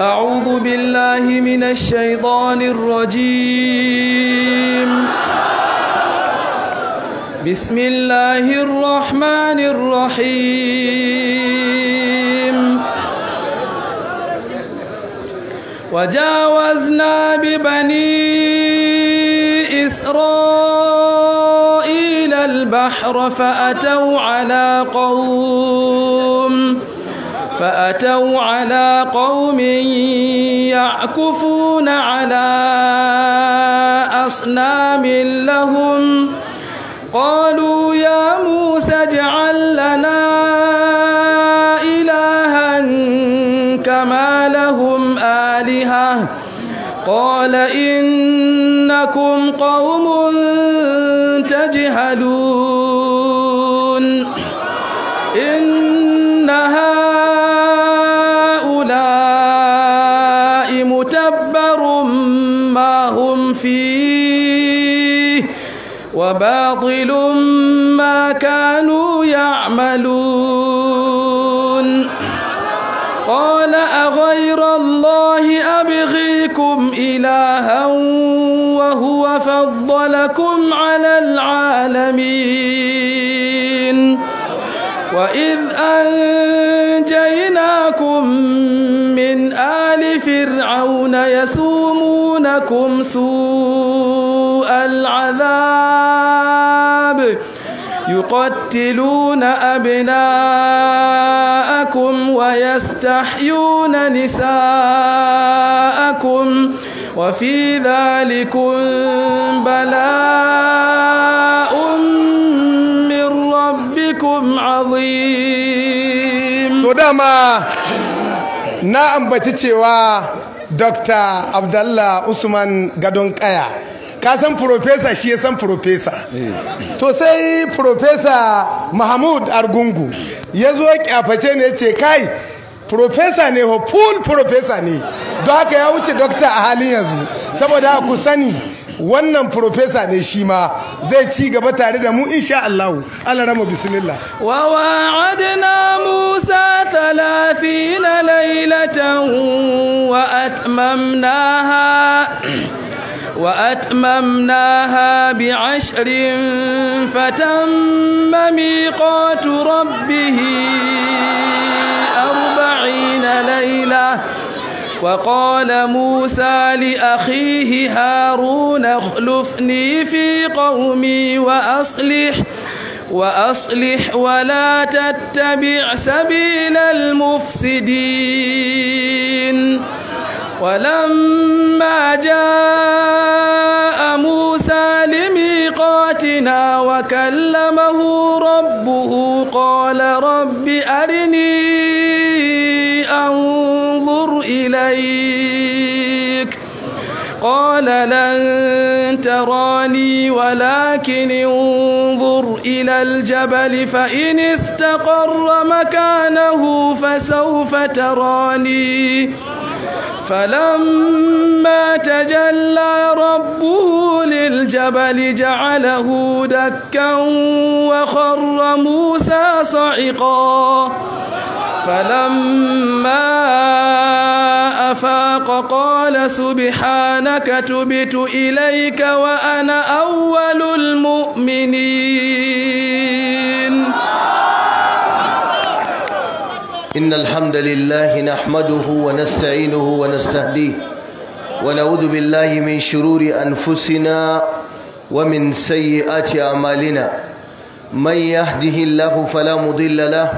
أعوذ بالله من الشيطان الرجيم بسم الله الرحمن الرحيم وجاوزنا ببني إسرائيل البحر فأتوا على قوم فأتوا على قوم يعكفون على أصنام لهم قالوا يا موسى اجعل لنا إلها كما لهم آلهة قال إنكم قوم تجهلون وباطل ما كانوا يعملون قال أغير الله أبغيكم إلها وهو فضلكم على العالمين وإذ أنجيناكم من آل فرعون يسومونكم سوء العذاب يقتلون أبناءكم ويستحيون نساءكم وفي ذلكم بلاء من ربكم عظيم تدامى نعم بتتوى دكتور عبد الله عثمان gadon kaya ka san profesa shi ya san profesa to sai profesa mahmud argungu ya zo kyaface ne ce kai profesa ne ho full profesa ne don haka ya wuce dokta a halin yanzu saboda ku sani wannan profesa ne shi ma zai ci gaba tare da mu insha Allah Allah rama bismillah wa wa'adna Musa 30 laylatan wa atmamnaha وأتممناها بعشر فتم ميقات ربه أربعين ليلة وقال موسى لأخيه هارون اخلفني في قومي وأصلح وأصلح ولا تتبع سبيل المفسدين ولما جاء موسى لميقاتنا وكلمه ربه قال رب أرني أنظر إليك قال لن تراني ولكن انظر إلى الجبل فإن استقر مكانه فسوف تراني فلما تجلى ربه للجبل جعله دكا وخر موسى صعقا فلما أفاق قال سبحانك تبت إليك وأنا أول المؤمنين إن الحمد لله نحمده ونستعينه ونستهديه ونعوذ بالله من شرور أنفسنا ومن سيئات أعمالنا من يهده الله فلا مضل له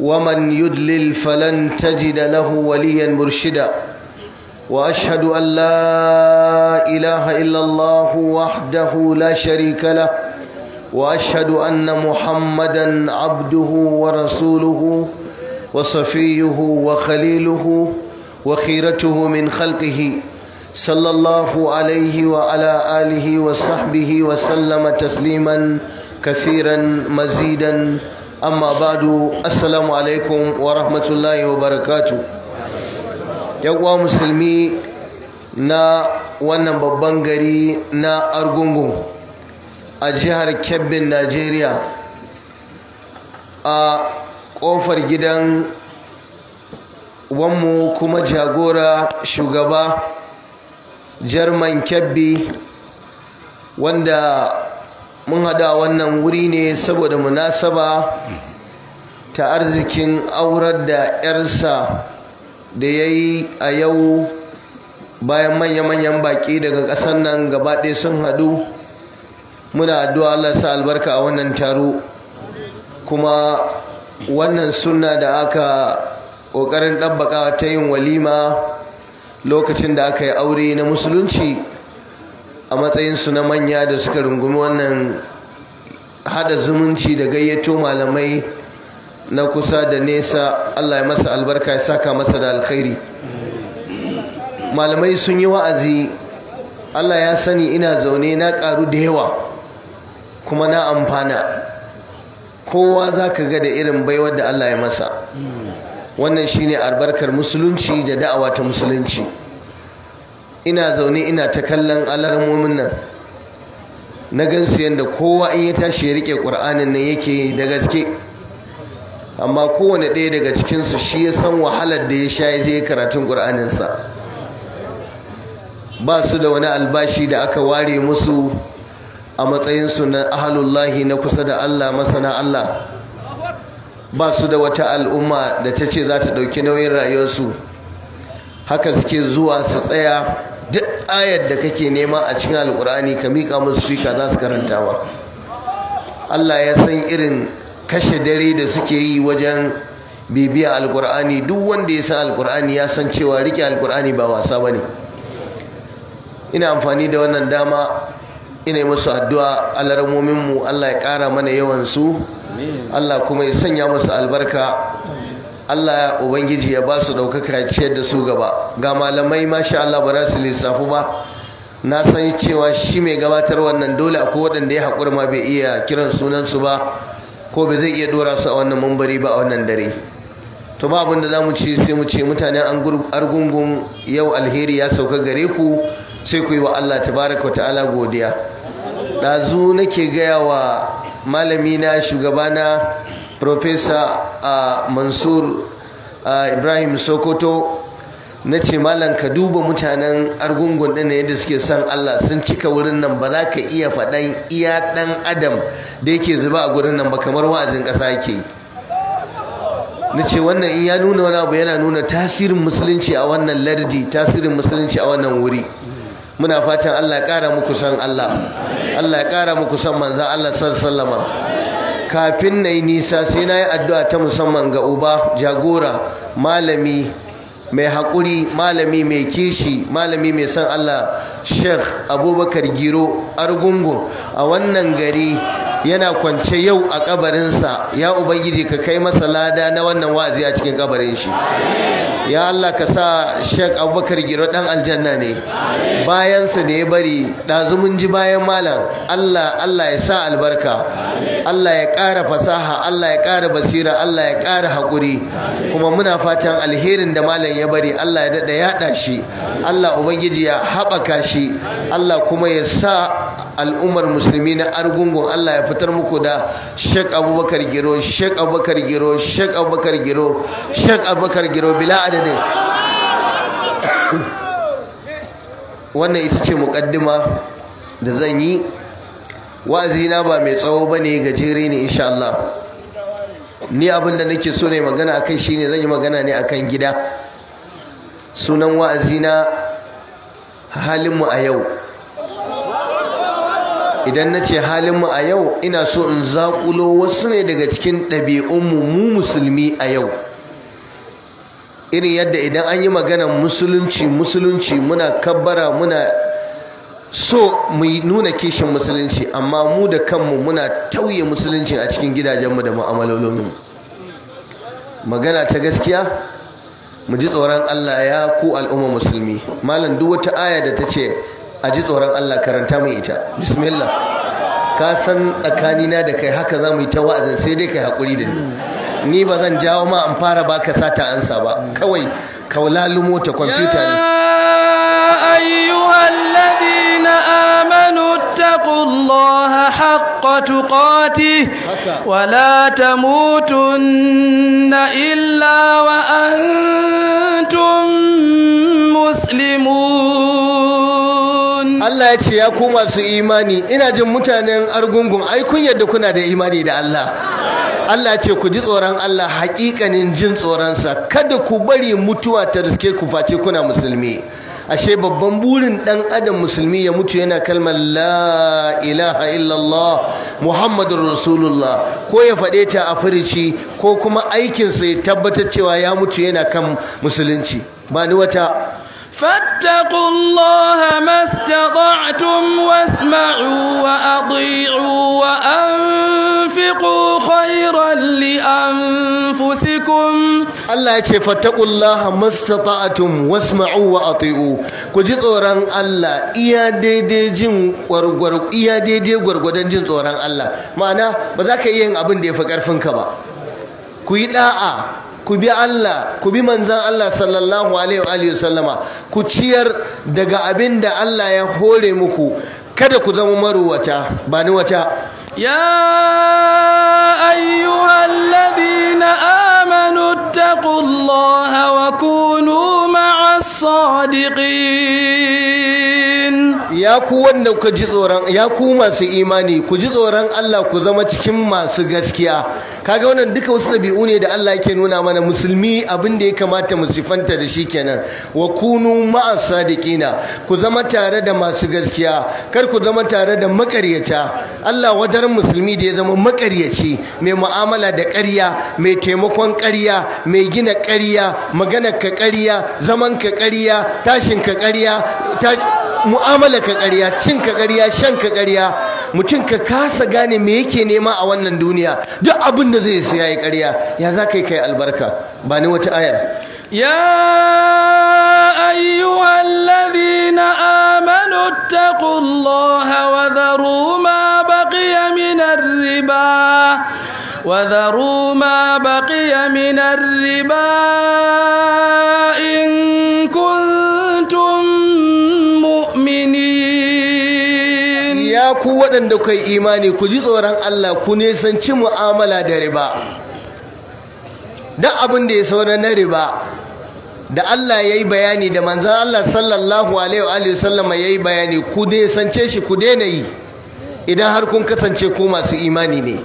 ومن يدلل فلن تجد له وليا مرشدا وأشهد أن لا إله إلا الله وحده لا شريك له وأشهد أن محمدا عبده ورسوله وصفيه وخليله وخيرته من خلقه صلى الله عليه وعلى آله وصحبه وسلم تسليما كثيرا مزيدا أما بعد السلام عليكم ورحمة الله وبركاته يقوى مسلمي na wannan babban gari na argungu a jihar kebbin najeriya a Kofar gidan wanmu kuma jagora shugaba Jerman Kebbi wanda mun hada wannan wuri ne saboda munasaba ta arzikin aurar da 'yarsa da ya yi a yau bayan manya-manyan baki daga ƙasar nan gabaɗe sun hadu muna addu'a Allah sa albarka a wannan taro kuma wannan sunna da aka ƙoƙarin ɗabbaka ta yin walima lokacin da aka yi aure na musulunci a matsayinsu na manya da suka rungumi wannan hada zumunci da gayyato malamai na kusa da nesa allah ya masa albarka ya saka masa da alkhairi malamai sun yi wa'azi allah ya sani ina zaune na ƙaru da yawa kuma na amfana kowa za ka ga da irin baiwar da Allah ya masa wannan shine albarkar musulunci da da'awa ta musulunci ina zaune ina ta kallon alarmomin nan na gansu yadda kowa in ya tashi ya rike ƙur'anin nan yake da gaske amma kowane ɗaya daga cikinsu shi ya san wahalar da ya sha ya je karatun ƙur'aninsa ba su da wani albashi da aka ware musu a matsayin matsayinsu na ahalullahi na kusa da Allah masana Allah ba su da wata al'umma da ta ce za ta ɗauki nauyin rayuwarsu haka suke zuwa su tsaya duk ayar da kake nema a cikin alkur'ani ka miƙa musu fika za su karanta ma Allah ya san irin kashe dare da suke yi wajen bibiya alkur'ani duk wanda ya san alkur'ani ya san cewa rike alkur'ani ba wasa ba ne. ina amfani da wannan dama ina yi musu addu'a alarmominmu mu Allah ya ƙara mana yawan su Allah kuma ya sanya musu albarka Allah ubangiji ya ba su ɗaukaka ciyar da su gaba ga malamai masha Allah ba za su lissafu ba na san cewa shi mai gabatar wannan dole akwai waɗanda ya haƙura ma bai iya kiran sunansu ba ko bai zai iya dora su a wannan mambari ba a wannan dare to ba abin da za mu ci sai mu ce mutanen argungun yau alheri ya sauka gare ku sai ku yi wa Allah tabaraka ta'ala godiya ɗazu nake gaya wa malamina shugabana profesa mansur ibrahim sokoto na ce malam ka duba mutanen argungun ɗin yadda suke son Allah sun cika wurin nan ba za ka iya faɗan iya ɗan adam da yake zuba a gurin nan ba kamar wa'azin ƙasa yake na ce wannan in ya nuna wani abu yana nuna tasirin musulunci a wannan lardi tasirin musulunci a wannan wuri muna fatan Allah ya ƙara muku san Allah Allah ya ƙara muku san manzan Allah sallama kafin na yi nisa sai na yi addu'a ta musamman ga uba jagora malami mai haƙuri malami mai kishi malami mai san Allah sheikh abubakar giro argungu a wannan gari yana kwance yau a kabarinsa ya ubangiji ka kai masa lada na wannan wa'azi a cikin kabarin shi ya Allah ka sa Sheikh Abubakar Giro dan aljanna ne bayan da ya bari dazu mun ji bayan malam Allah Allah ya sa albarka Allah ya ƙara fasaha Allah ya ƙara basira Allah ya ƙara hakuri kuma muna fatan alherin da malam ya bari Allah ya dada yada shi Allah ubangiji ya haɓaka shi Allah kuma ya sa al'ummar musulmi na argungun Allah ya fi fitar muku da shek Abubakar Giro shek Abubakar Giro shek Abubakar Giro shek Abubakar Giro bila adade wannan ita ce muƙaddima da zan yi wa'azina ba mai tsawo ba ne gajere ne insha Allah ni abin da nake so ne magana akan ne zan yi magana ne akan gida sunan wa'azina halinmu a yau idan na ce halinmu a yau ina so in zaƙulo wasu ne daga cikin ɗabi'unmu mu musulmi a yau irin yadda idan an yi magana musulunci musulunci muna kabbara muna so mu nuna kishin musulunci amma mu da kanmu muna tauye musulunci a cikin gidajenmu da mu'amalolinmu magana ta gaskiya mu ji tsoron Allah ya ku al'umma musulmi malam duk wata aya da ta ce a ji tsoron Allah karanta mai ita bismillah ka san tsakanina da kai haka za mu yi ta wa'azin sai dai kai haƙuri da ni ni ba zan jawo ma an fara baka sata ansa ba kawai kaulalu mota kwamfuta ne اتقوا الله حق تقاته ولا illa إلا وأنتم Allah ya ce ya ku masu imani ina jin mutanen argungun ai kun yadda kuna da imani da Allah Allah ya ce ku ji tsoron Allah hakikanin jin tsoronsa kada ku bari mutuwa ta riske ku face kuna musulmi ashe babban burin ɗan adam musulmi ya mutu yana kalmar la ilaha illallah muhammadur rasulullah ko ya faɗe ta a firici ko kuma aikinsa ya tabbatar cewa ya mutu yana kan musulunci ba ni wata فاتقوا الله ما استطعتم واسمعوا وأطيعوا وأنفقوا خيرا لأنفسكم Allah ya ce fattaqullaha mastata'tum wasma'u wa ati'u ku ji tsoron Allah iya daidai jin gwargwar iya daidai gwargwadon jin tsoron Allah ma'ana ba za ka iya yin abin da ya fi karfin ka ba ku yi da'a ku bi Allah ku bi manzan Allah sallallahu alaihi wa sallama ku ciyar daga abin da Allah ya hore muku kada ku zama maruwata ba ni wata يا أيها الذين آمنوا اتقوا الله وكونوا مع الصادقين ya ku wanda ku ji tsoron ya ku masu imani ku ji tsoron Allah ku zama cikin masu gaskiya kaga wannan duka wasu dabi'u ne da Allah yake nuna mana musulmi abin da ya kamata mu sifanta da shi kenan wa kunu ma'as sadiqina ku zama tare da masu gaskiya kar ku zama tare da makaryata Allah wadar musulmi da ya zama makaryaci mai mu'amala da ƙarya mai taimakon ƙarya mai gina ƙarya magana ka ƙarya zaman ka ƙarya tashin ka ƙarya mu'amala ka ƙarya cin ka ƙarya shan ka ƙarya mutum ka kasa gane me yake nema a wannan duniya duk abin da zai siya yi ƙarya ya za ka yi kai albarka ba ni wata ayar يا أيها الذين آمنوا اتقوا الله وذروا ما بقي من الربا وذروا ما بقي من الربا ku waɗanda kai imani ku ji tsoron Allah ku nisanci mu'amala da riba duk abin da ya saura na riba da Allah ya yi bayani da manzan Allah sallallahu alaihi wa sallama ya yi bayani ku ce shi ku daina yi idan har kun kasance ku masu imani ne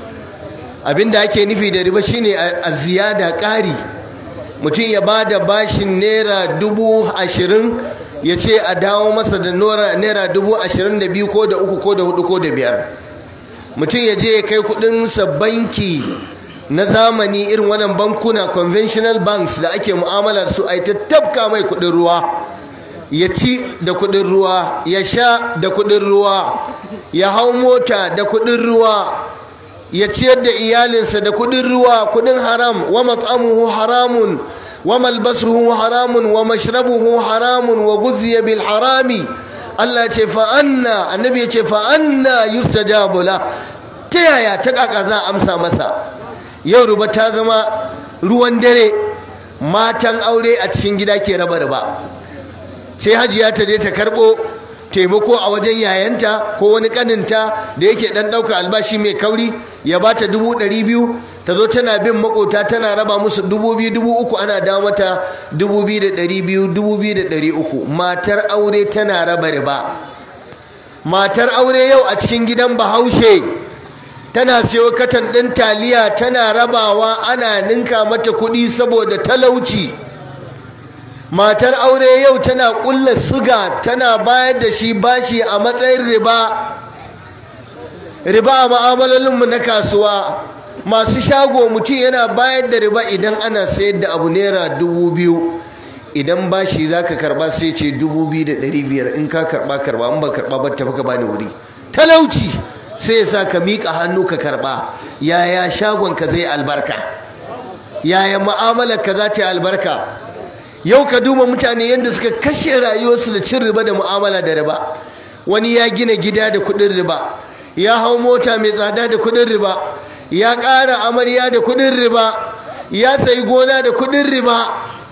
abin da ake nufi da riba shine a ziyada ƙari mutum ya ba da bashin naira dubu ashirin ya ce a dawo masa da naira dubu ashirin da biyu ko da uku ko da hudu ko da biyar mutum ya je ya kai kudinsa banki na zamani irin wannan bankuna conventional banks da ake mu'amala su a ta tabka mai kudin ruwa ya ci da kudin ruwa ya sha da kudin ruwa ya hau mota da kudin ruwa ya ciyar da iyalinsa da kudin ruwa kudin haram wa mat'amuhu haramun وملبسه حرام ومشربه حرام وغذي بالحرام الله يقول فأنا النبي يقول فأنا يستجاب له تيايا تقاقا ذا أمسى مسا يورو بتازما ruwan dare matan aure a cikin gida ke raba raba sai hajiya ta je ta karɓo taimako a wajen yayanta ko wani kaninta da yake ɗan ɗaukar albashi mai kauri ya bata dubu ɗari biyu Tazo tana bin makota tana raba musu dubu biyu dubu uku ana dawo dubu biyu da ɗari biyu dubu biyu da ɗari uku matar aure tana raba riba matar aure yau a cikin gidan bahaushe tana siyo katan ɗin taliya tana rabawa ana ninka mata kuɗi saboda talauci matar aure yau tana ƙulla suga tana bayar da shi bashi a matsayin riba riba a ma'amalolinmu na kasuwa masu shago mutum yana bayar da riba idan ana sayar da abu naira dubu biyu idan bashi za ka karba sai ce dubu biyu da ɗari biyar in ka karba karba in ba karba ba tafi ka bani wuri talauci sai ya sa ka miƙa hannu ka karba yaya shagon ka zai albarka yaya mu'amalar ka za ta yi albarka yau ka duba mutane yadda suka kashe rayuwarsu da cin riba da mu'amala da riba wani ya gina gida da kuɗin riba ya hau mota mai tsada da kuɗin riba يا كارا أمريا دكودير ربا يا سيغونا دكودير ربا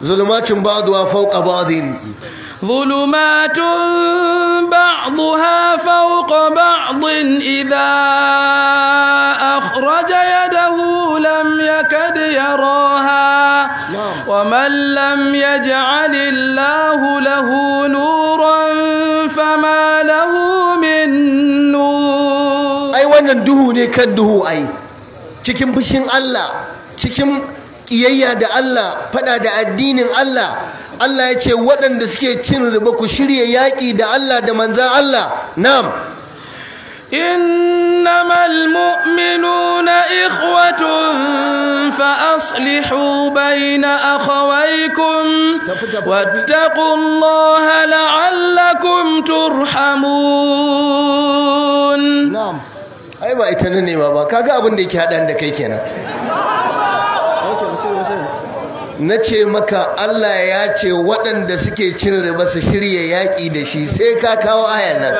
ظلمات بعضها فوق بعض ظلمات بعضها فوق بعض إذا أخرج يده لم يكد يراها ومن لم يجعل الله له نورا فما له من نور أي وانا دهو أي cikin fushin Allah cikin ƙiyayya da Allah faɗa da addinin Allah Allah ya ce waɗanda suke cin riba ku shirya yaƙi da Allah da manzan Allah nam إنما المؤمنون إخوة فأصلحوا بين أخويكم واتقوا الله لعلكم ترحمون نعم ai ba ita na nema ba kaga abin da yake haɗa da kai kenan na ce maka Allah ya ce waɗanda suke cin riba su shirya yaƙi da shi sai ka kawo aya nan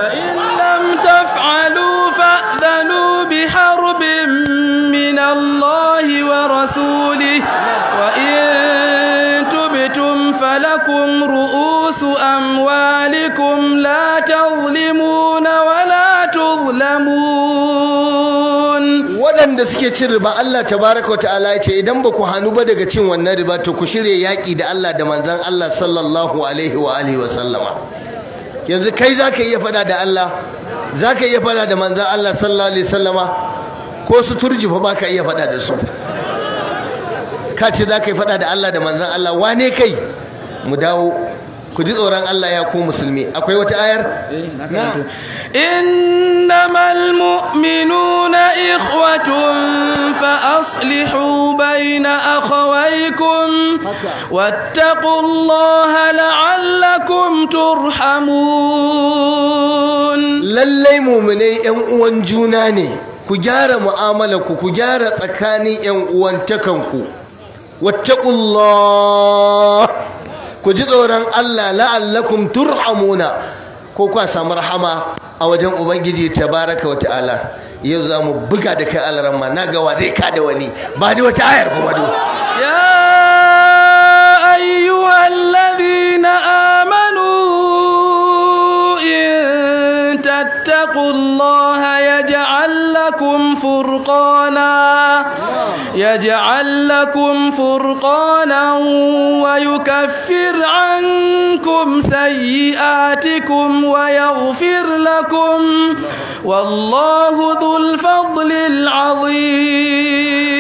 lam taf'alu fa'dhanu bi harbin min Allah wa rasuli wa in tubtum falakum ru'usu amwalikum la tawlimuna wa la tuzlamun waɗanda suke cin riba Allah tabaraka wa ta'ala ya ce idan ba ku hannu ba daga cin wannan riba to ku shirya yaƙi da Allah da manzan Allah sallallahu alaihi wa alihi wa sallama yanzu kai za ka iya fada da Allah Za ka iya fada da manzan Allah sallallahu alaihi wa sallama ko su turji fa ka iya fada da su ka ce ka yi fada da Allah da manzan Allah wane kai mu dawo ku ji tsoron Allah ya ku musulmi akwai wata ayar innamal mu'minuna ikhwatun fa aslihu bayna akhawaykum wattaqullaha la'allakum turhamun lallai mu'minai yan uwan juna ne ku gyara mu'amalarku ku ku gyara tsakanin yan uwantakanku wattaqullaha ku ji tsoron Allah la'allakum turhamuna ko kuwa samu rahama a wajen ubangiji tabaraka wata'ala yau za mu buga da kai alaramma na gawa zai kada wani ba ni wata ayar kuma do ya ayyuhalladhina amanu in tattaqullaha yaj'al lakum furqana يجعل لكم فرقانا ويكفر عنكم سيئاتكم ويغفر لكم والله ذو الفضل العظيم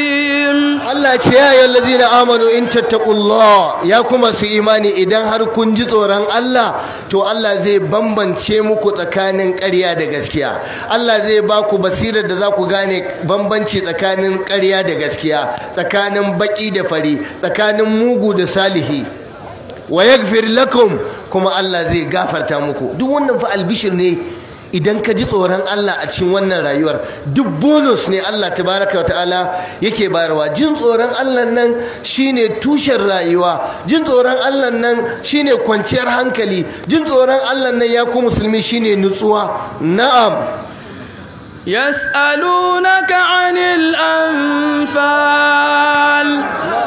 Allah ce ya yi wallazi na amanu in tattaqullah ya kuma su imani idan har kun ji tsoron Allah to Allah zai bambance muku tsakanin karya da gaskiya Allah zai ba ku basirar da za ku gane bambanci tsakanin karya da gaskiya tsakanin baki da fari tsakanin mugu da salihi wa ya lakum kuma Allah zai gafarta muku duk wannan fa albishir ne idan ka ji tsoron Allah a cikin wannan rayuwar duk bonus ne Allah tabaraka ta'ala yake bayarwa jin tsoron Allah nan shine tushen rayuwa jin tsoron Allah nan shine kwanciyar hankali jin tsoron Allah nan ya ku musulmi shine nutsuwa na'am يسألونك عن الأنفال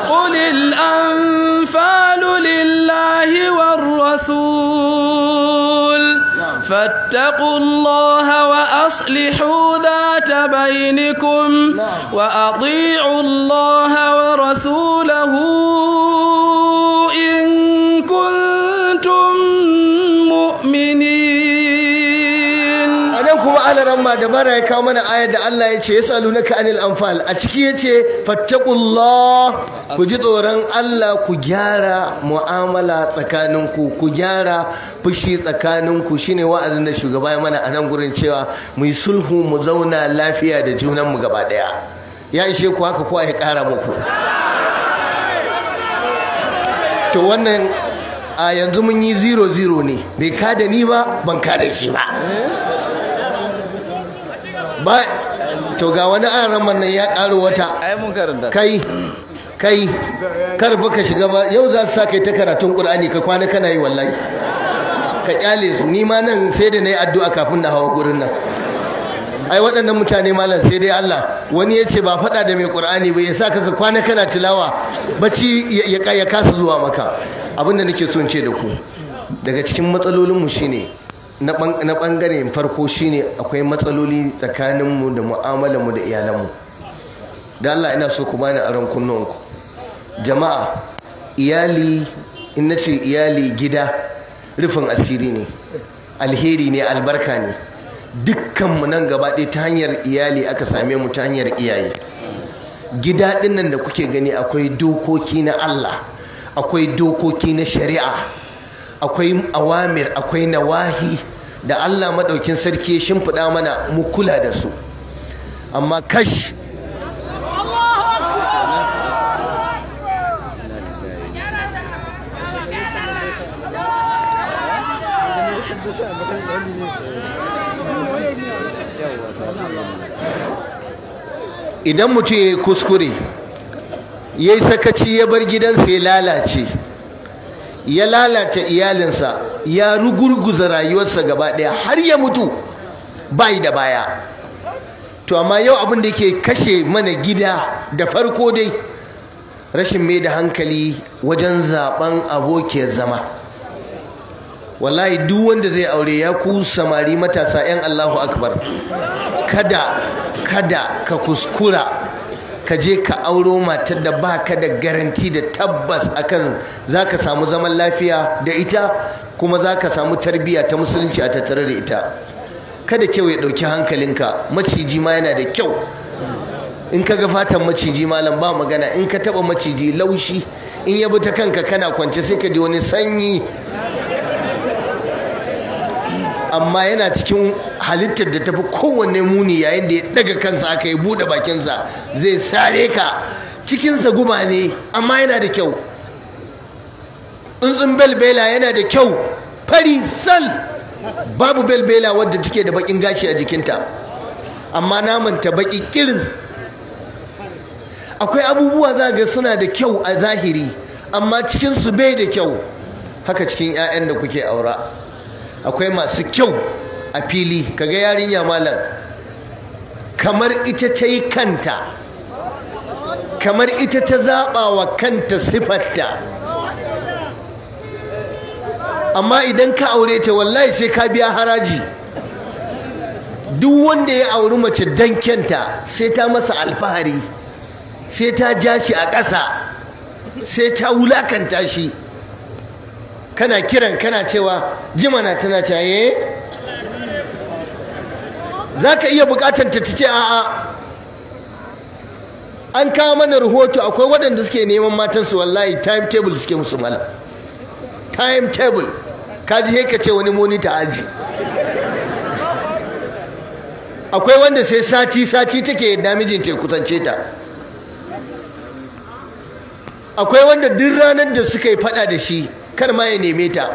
قل الأنفال لله والرسول فاتقوا الله وأصلحوا ذات بينكم نعم. وأطيعوا الله ورسوله aran ma dabara ya kawo mana ayar da Allah ya ce ya sa ka anil anfal a ciki yace fattaqullah ku ji tsoron Allah ku gyara mu'amala tsakaninku ku gyara fushi tsakaninku Shi ne wa'azin da shugaba ya mana a nan gurin cewa mu yi sulhu mu zauna lafiya da junanmu gaba daya ya ishe ku haka ko ya kara muku to wannan a yanzu mun yi zero zero ne bai kada ni ba ban kada shi ba ba to ga wani araman nan ya ƙaro wata kai kai kar baka shiga ba yau za su sa kai ta karatun Kur'ani ka kwana kana yi wallahi ka kyale su ni ma nan sai da na yi addu'a kafin na hawa gurin nan ai waɗannan mutane malam sai dai Allah wani ya ce ba faɗa da mai ƙur'ani ba ya sa ka kwana kana tilawa bacci ya kasa zuwa maka abinda nake son ce da ku daga cikin matsalolinmu shine na bangare farko shine akwai matsaloli tsakaninmu da mu'amalanmu da iyalanmu da Allah ina so ku bani aron kunnuwanku jama'a iyali in ce iyali gida rufin asiri ne alheri ne albarka ne dukkanmu nan gaba ɗaya ta hanyar iyali aka same mu ta hanyar iyaye gida ɗinnan da kuke gani akwai dokoki na Allah akwai dokoki na shari'a akwai awamir akwai nawahi da Allah maɗaukin sarki ya shimfiɗa mana mu kula da su amma kash idan mutum ya yi kuskure ya yi sakaci ya bar gidansa ya lalace ya lalata iyalinsa ya rugurguza rayuwarsa gaba ɗaya har ya mutu bai da baya to amma yau abin da yake kashe mana gida da farko dai rashin mai da hankali wajen zaben abokiyar zama wallahi duk wanda zai aure ya ku samari matasa 'yan allahu akbar kada kada ka kuskura ka je ka auro matar da ba ka da garanti da tabbas akan zaka samu zaman lafiya da ita kuma zaka samu tarbiyya ta musulunci a tattare da ita kada kyau ya dauki hankalinka maciji ma yana da kyau in ka ga fatan maciji malam ba magana in ka taba maciji laushi in ya bi ta kanka kana kwance sai ka ji wani sanyi amma yana cikin halittar da tafi kowanne muni yayin da ya daga kansa aka yi buɗe bakinsa zai sare ka cikinsa guma ne amma yana da kyau tsuntsun belbela yana da kyau fari sal babu belbela wadda take da bakin gashi a jikinta amma namanta baki kirin akwai abubuwa za ga suna da kyau a zahiri amma cikinsu bai da kyau haka cikin 'ya'yan da kuke aura akwai masu kyau a fili kaga yarinya malam kamar ita ta yi kanta kamar ita ta zaɓa wa kanta siffarta amma idan ka aure ta wallahi sai ka biya haraji duk wanda ya auri mace dan kyanta sai ta masa alfahari sai ta ja shi a ƙasa sai ta wulakanta shi kana kiran kana cewa jimana tana caye eh. za ka iya bukatar ta ce a'a an kawo mana rahoto akwai waɗanda suke neman matansu wallahi timetable suke musu malam timetable ka ji ka ce wani monita aji akwai wanda sai sati sati take yadda mijinta ya kusance ta akwai wanda duk ranar da suka yi fada da shi kar ma ya neme ta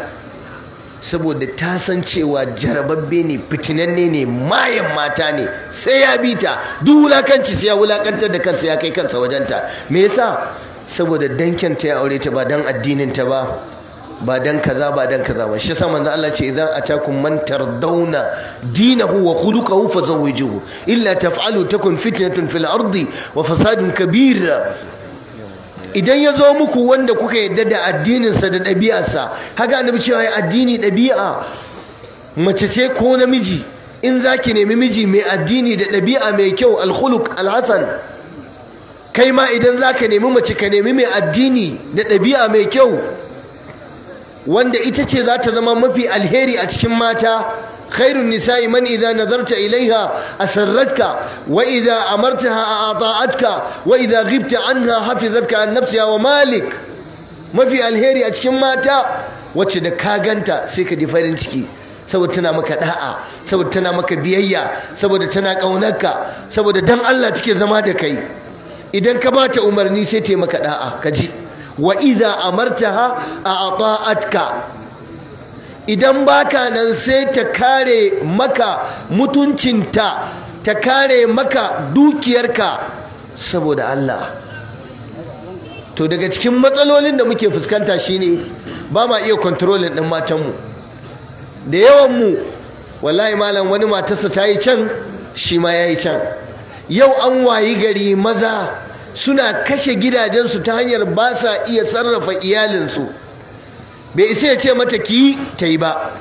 saboda ta san cewa jarababbe ne fitinanne ne mayan mata ne sai ya bi ta duk wulakanci sai ya wulakantar da kansa ya kai kansa wajenta me yasa saboda dankin ta ya aure ta ba dan addinin ta ba ba dan kaza ba dan kaza ba shi sa manzo Allah ce idan atakum man tardawna dinahu wa khuluquhu fazawwijuhu illa taf'alu takun fitnatun fil ardi wa fasadun kabir idan ya zo muku wanda kuka yadda da addininsa da ɗabi'arsa haka annabi cewa ya addini ɗabi'a mace ce ko namiji in za ki nemi miji mai addini da ɗabi'a mai kyau alhuluk alhassan kai ma idan za ka nemi mace ka nemi mai addini da ɗabi'a mai kyau wanda ita ce za ta zama mafi alheri a cikin mata خير النساء من إذا نظرت إليها أسرتك وإذا أمرتها أطاعتك وإذا غبت عنها حفظتك عن نفسها ومالك ما في الهيري أتكم ماتا wacce da ka ganta sai ka ji farin ciki saboda tana maka da'a saboda tana maka biyayya saboda tana ƙaunarka saboda dan Allah take zama da kai idan ka bata umarni sai taimaka ɗa'a ka ji wa'iza amartaha a idan baka nan sai ta kare maka mutuncinta ta kare maka dukiyarka saboda Allah to daga cikin matsalolin da muke fuskanta shine ba ma iya kontrolin ɗin matanmu da yawanmu wallahi malam wani matarsa ta yi can shi ma ya yi can yau an wayi gari maza suna kashe gidajensu ta hanyar ba sa iya sarrafa iyalinsu bai isa ya ce mata ki ta yi ba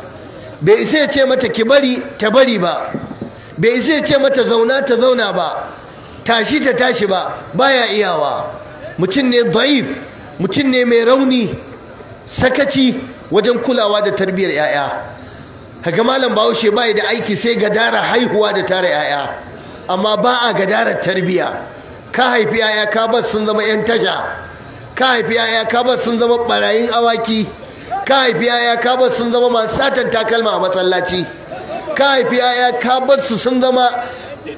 bai isa ya ce mata ki bari ta bari ba bai isa ya ce mata zauna ta zauna ba tashi ta tashi ba baya iyawa mutum ne daif mutum ne mai rauni sakaci wajen kulawa da tarbiyyar 'ya'ya kaga malam bahaushe bai da aiki sai gadara haihuwa da tara 'ya'ya amma ba a gadarar tarbiyya ka haifi 'ya'ya ka bar sun zama 'yan tasha ka haifi 'ya'ya ka bar sun zama barayin awaki ka haifi yaya kabar sun zama masu satan takalma a matsalaci. ka haifi yaya kabar su sun zama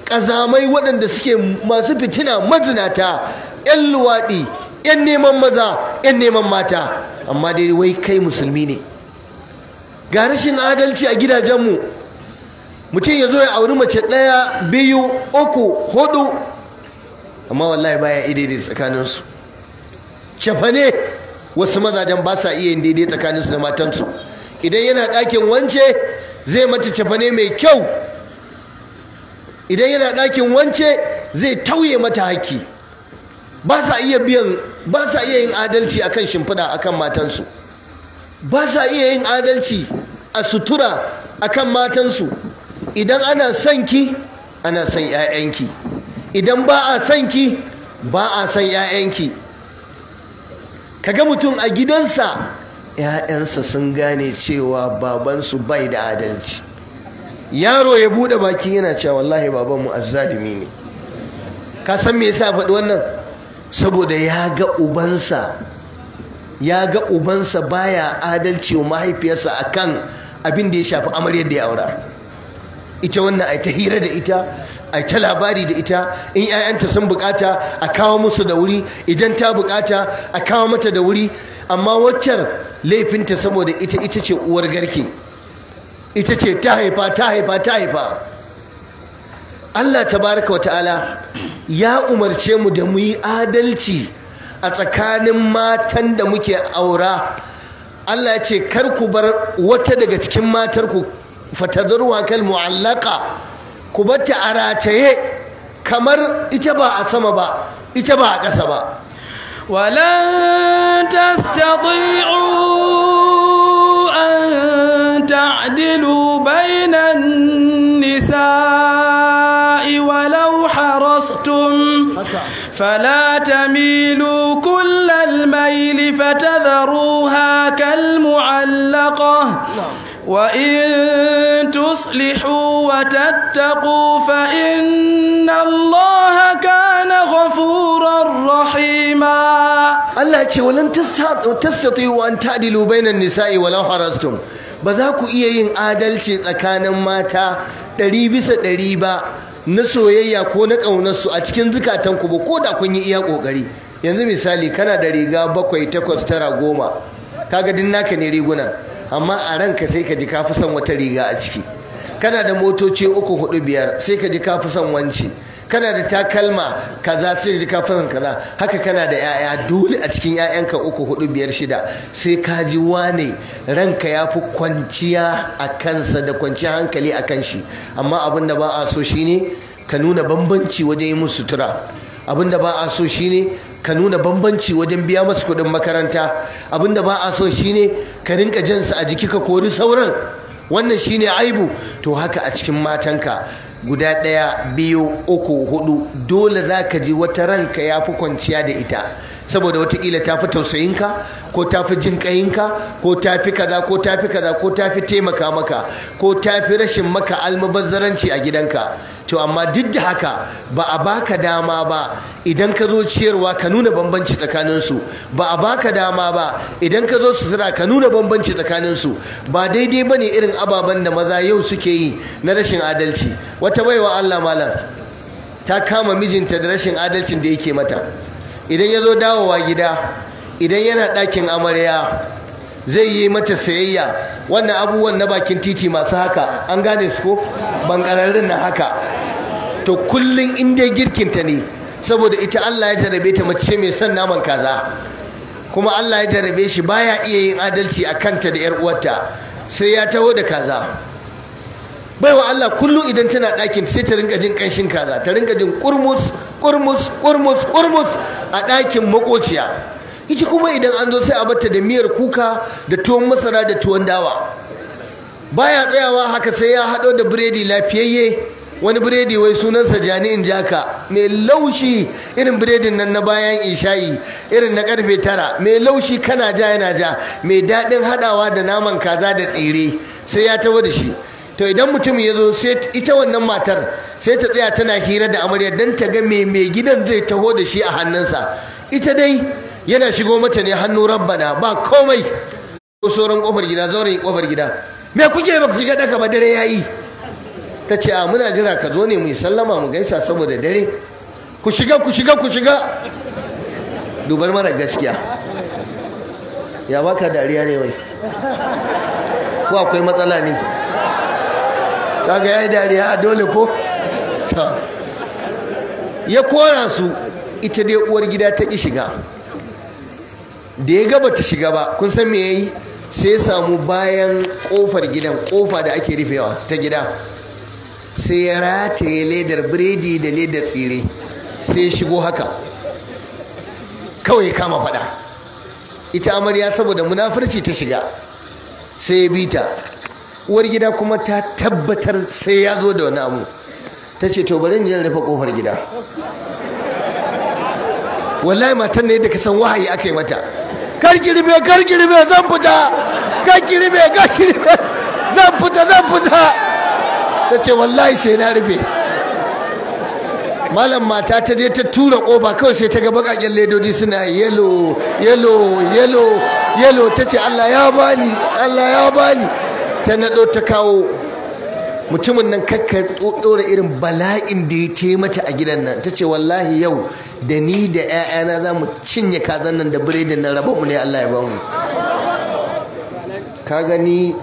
ƙazamai waɗanda suke masu fitina mazinata 'yan luwaɗi 'yan neman maza 'yan neman mata amma dai wai kai musulmi ne ga rashin adalci a gidajenmu mutum ya zo ya auri mace ɗaya biyu uku hudu amma wallahi baya idai tsakaninsu cefane wasu mazajen ba sa iya yin daidai tsakaninsu da matansu idan yana ɗakin wance zai mata cefane mai kyau idan yana ɗakin wance zai tauye mata haƙƙi ba sa iya biyan ba sa iya yin adalci akan shimfiɗa akan matansu ba sa iya yin adalci a sutura akan matansu idan ana son ki ana son 'ya'yanki idan ba a son ki ba a son 'ya'yanki kaga mutum a gidansa ‘ya'yansa sun gane cewa babansu bai da adalci yaro ya buɗe baki yana cewa wallahi babanmu azzalimi ne ka san me yasa faɗi wannan saboda ya ga ubansa ya ga ubansa baya adalci wa mahaifiyarsa akan abin da ya shafi amaryar da ya aura ita wannan ai ta hira da ita ai ta labari da ita in 'ya'yanta sun bukata a kawo musu da wuri idan ta bukata a kawo mata da wuri amma waccar laifinta saboda ita ita ce uwar garke ita ce ta haifa ta haifa ta haifa Allah tabaraka wa ta'ala ya umarce mu da mu yi adalci a tsakanin matan da muke aura Allah ya ce kar ku bar wata daga cikin matar ku fatadruha kal mu'allaqa ku batta a rataye kamar ita ba ba ولن تستطيعوا أن تعدلوا بين النساء ولو حرصتم فلا تميلوا كل الميل فتذروها كالمعلقة وإن تصلحوا وتتقوا فإن الله كان غفورا رحيما الله يقول ولن تستطيعوا أن تعدلوا بين النساء ولو حرصتم بذاكو إيين آدلتي أكان ماتا دريبس دريبا na soyayya ko na ƙaunarsu a cikin zukatanku ba ko da kun yi iya ƙoƙari yanzu misali kana da riga bakwai takwas tara goma kaga din naka ne amma a ranka sai ka ji ka son wata riga a ciki kana da motoci uku hudu biyar sai ka ji ka son wanci kana da takalma kaza sai ji ka son kaza haka kana da yaya dole a cikin yayanka uku hudu biyar shida sai ka ji wane ranka ya fi kwanciya a kansa da kwanciya hankali a kan shi amma abin da ba a so shine ka nuna bambanci wajen yi musu sutura abinda ba a so shine ka nuna bambanci wajen biya masu kuɗin makaranta abinda ba a so shine ka rinka jansu a jiki ka kori sauran wannan shine aibu to haka a cikin matanka guda ɗaya biyu uku hudu dole za ka ji wata ranka ya fi kwanciya da ita saboda watakila ta fi tausayinka ko ta fi jin ƙayinka ko ta fi kaza ko ta fi kaza ko ta fi taimaka maka ko ta fi rashin maka almubazzaranci a gidanka to amma duk da haka ba a baka dama ba idan ka zo ciyarwa ka nuna bambanci tsakaninsu ba a baka dama ba idan ka zo sutura ka nuna bambanci tsakaninsu ba daidai ba ne irin ababen da maza yau suke yi na rashin adalci wata baiwa allah malam ta kama mijinta da rashin adalcin da yake mata idan ya zo dawowa gida idan yana ɗakin amarya zai yi mata sayayya wannan abubuwan na bakin titi masu haka an gane su ko bankararrun na haka to kullum in dai girkinta ne saboda ita Allah ya jarabe ta mace mai son naman kaza kuma Allah ya jarabe shi baya iya yin adalci a kanta da 'yar uwarta sai ya taho da kaza baiwa Allah kullum idan tana ɗakin sai ta ringa jin ƙanshin kaza ta ringa jin kurmus kurmus kurmus kurmus a ɗakin makociya ita kuma idan an zo sai a barta da miyar kuka da tuwon masara da tuwon dawa baya tsayawa haka sai ya haɗo da biredi lafiyayye wani biredi wai sunansa jani'in jaka mai laushi irin biredin nan na bayan isha'i irin na karfe tara mai laushi kana ja yana ja mai daɗin haɗawa da naman kaza da tsire sai ya taɓa da shi to idan mutum ya zo sai ita wannan matar sai ta tsaya tana hira da amarya don ta ga mai mai gidan zai taho da shi a hannunsa ita dai yana shigo mata ne hannu rabbana ba komai ko sauran kofar gida zauren kofar gida me kuke ba ku shiga daka ba dare yayi ta ce a muna jira ka zo ne mu sallama mu gaisa saboda dare ku shiga ku shiga ku shiga dubar mara gaskiya ya baka dariya ne wai ko akwai matsala ne kaga yayi dariya a dole ko ya kora su ita dai uwar gida ta ki shiga da ya ga bata shiga ba kun san me yi sai ya samu bayan kofar gidan kofa da ake rufewa ta gida sai ya rataye ledar biredi da ledar tsire sai ya shigo haka kawai kama fada ita amarya saboda munafurci ta shiga sai ya bi uwar gida kuma ta tabbatar sai ya zo da wani abu ta ce to bari in rufe kofar gida wallahi matan ne da ka san wahayi aka yi mata kar ki rufe kar ki rufe zan fita kar ki rufe kar ki rufe zan fita zan fita ta ce wallahi sai na rufe malam mata ta je ta tura koba kawai sai ta ga bakaken ledodi suna yelo yelo yelo yelo ta ce Allah ya bani Allah ya bani ta nado ta kawo mutumin nan kakka ɗora irin bala'in da ya ce mata a gidan nan ta ce wallahi yau da ni da 'ya'yana za mu cinye kazan nan da biredin nan mu ne Allah ya bamu ka gani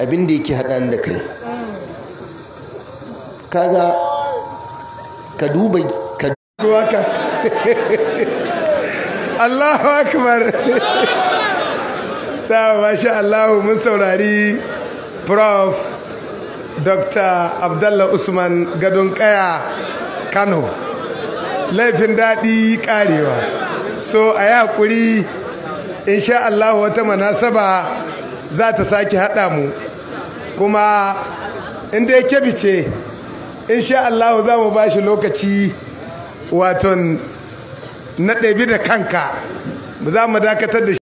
abin da yake haɗa da kai kaga ka duba ka duba ka Allahu akbar ta masha Allah mun saurari prof dr abdallah usman gadon kaya kano laifin daɗi karewa so a yi in insha Allah wata manasaba za ta sake haɗa mu kuma inda ya kebice insha Allah za mu ba shi lokaci waton na ɗabi da kanka za mu dakatar da shi